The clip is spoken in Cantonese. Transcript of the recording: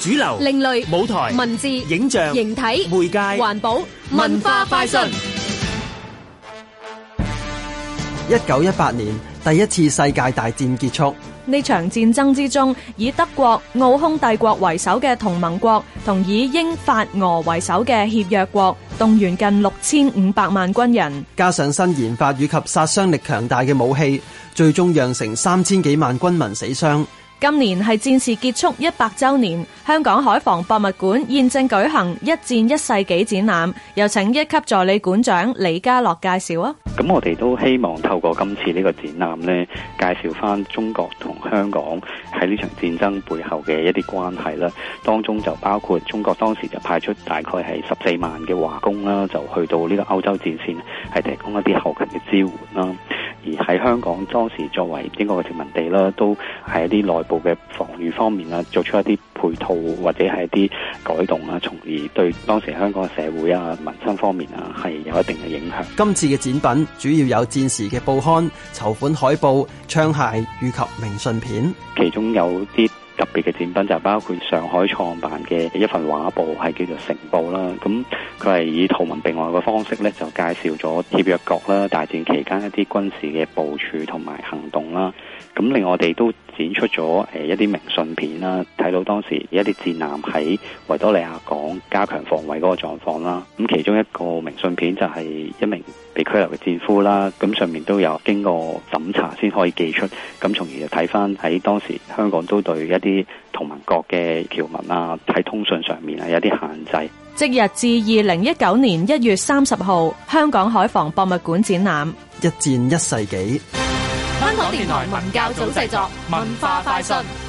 主流、另類舞台、文字、影像、形體、媒介、環保、文化快訊。一九一八年，第一次世界大戰結束。呢場戰爭之中，以德國、奧匈帝國為首嘅同盟國，同以英法俄為首嘅協約國，動員近六千五百萬軍人，加上新研發以及殺傷力強大嘅武器，最終釀成三千幾萬軍民死傷。今年係戰事結束一百週年，香港海防博物館現正舉行《一戰一世紀》展覽，有請一級助理館長李家樂介紹啊！咁我哋都希望透過今次呢個展覽呢，介紹返中國同香港喺呢場戰爭背後嘅一啲關係啦。當中就包括中國當時就派出大概係十四萬嘅華工啦，就去到呢個歐洲戰線，係提供一啲後勤嘅支援啦。而喺香港當時作為英國嘅殖民地啦，都喺一啲內部嘅防禦方面啊，做出一啲配套或者係一啲改動啊，從而對當時香港嘅社會啊、民生方面啊，係有一定嘅影響。今次嘅展品主要有戰時嘅報刊、籌款海報、槍械以及明信片，其中有啲。特別嘅展品就是，包括上海創辦嘅一份畫報，係叫做《成報》啦。咁佢係以圖文並茂嘅方式咧，就介紹咗協約國啦，大戰期間一啲軍事嘅部署同埋行動啦。咁另外我哋都展出咗誒一啲明信片啦，睇到當時一啲戰艦喺維多利亞港加強防衛嗰個狀況啦。咁其中一個明信片就係一名。被拘留嘅戰俘啦，咁上面都有經過審查先可以寄出，咁從而就睇翻喺當時香港都對一啲同盟國嘅僑民啊，睇通訊上面啊有啲限制。即日至二零一九年一月三十號，香港海防博物館展覽《一戰一世紀》。香港電台文教組製作文化快訊。